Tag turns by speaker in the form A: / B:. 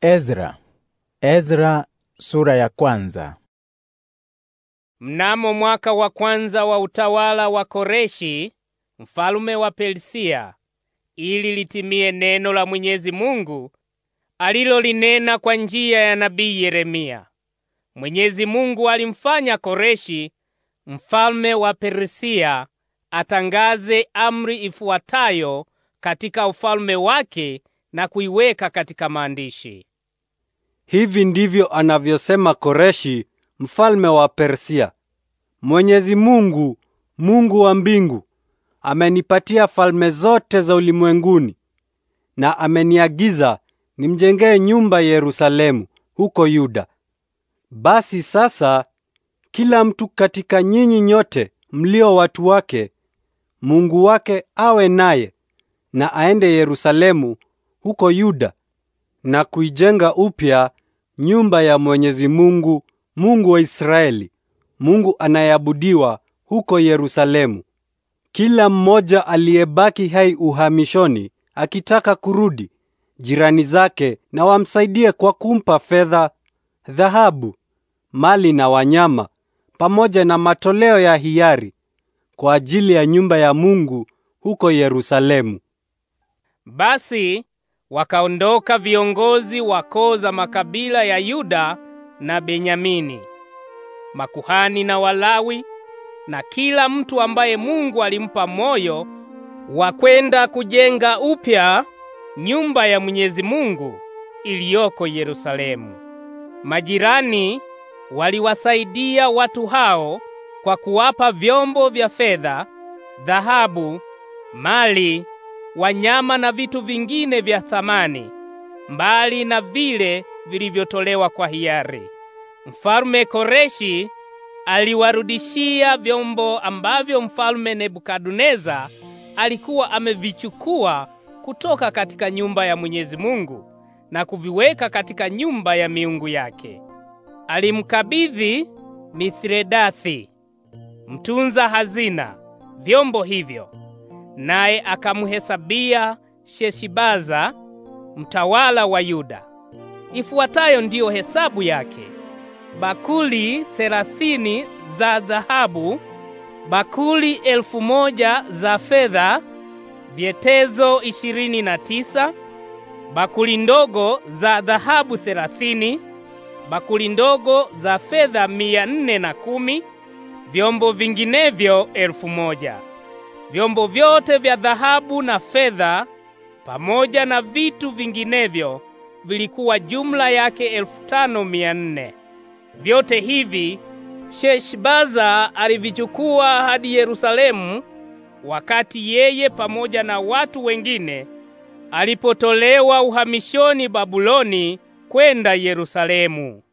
A: Ezra. Ezra sura ya kwanza.
B: Mnamo mwaka wa kwanza wa utawala wa Koreshi mfalme wa Persia, ili litimie neno la Mwenyezi Mungu alilolinena kwa njia ya nabii Yeremia. Mwenyezi Mungu alimfanya Koreshi mfalme wa Persia atangaze amri ifuatayo katika ufalme wake na kuiweka katika maandishi.
A: Hivi ndivyo anavyosema Koreshi, mfalme wa Persia: Mwenyezi Mungu, Mungu wa mbingu, amenipatia falme zote za ulimwenguni na ameniagiza nimjengee nyumba Yerusalemu huko Yuda. Basi sasa kila mtu katika nyinyi nyote mlio watu wake, Mungu wake awe naye na aende Yerusalemu huko Yuda na kuijenga upya nyumba ya Mwenyezi Mungu, Mungu wa Israeli, Mungu anayeabudiwa huko Yerusalemu. Kila mmoja aliyebaki hai uhamishoni akitaka kurudi, jirani zake na wamsaidie kwa kumpa fedha, dhahabu, mali na wanyama pamoja na matoleo ya hiari kwa ajili ya nyumba ya Mungu huko Yerusalemu.
B: Basi wakaondoka viongozi wa koo za makabila ya Yuda na Benyamini, makuhani na Walawi, na kila mtu ambaye Mungu alimpa moyo wa kwenda kujenga upya nyumba ya Mwenyezi Mungu iliyoko Yerusalemu. Majirani waliwasaidia watu hao kwa kuwapa vyombo vya fedha, dhahabu, mali wanyama na vitu vingine vya thamani, mbali na vile vilivyotolewa kwa hiari. Mfalme Koreshi aliwarudishia vyombo ambavyo mfalme Nebukadneza alikuwa amevichukua kutoka katika nyumba ya Mwenyezi Mungu na kuviweka katika nyumba ya miungu yake. Alimkabidhi Mithredathi mtunza hazina vyombo hivyo naye akamhesabia Sheshibaza mtawala wa Yuda. Ifuatayo ndiyo hesabu yake: bakuli thelathini za dhahabu, bakuli elfu moja za fedha, vyetezo ishirini na tisa, bakuli ndogo za dhahabu thelathini, bakuli ndogo za fedha mia nne na kumi, vyombo vinginevyo elfu moja vyombo vyote vya dhahabu na fedha pamoja na vitu vinginevyo vilikuwa jumla yake elfu tano mia nne. Vyote hivi Sheshbaza alivichukua hadi Yerusalemu wakati yeye pamoja na watu wengine alipotolewa uhamishoni Babuloni kwenda Yerusalemu.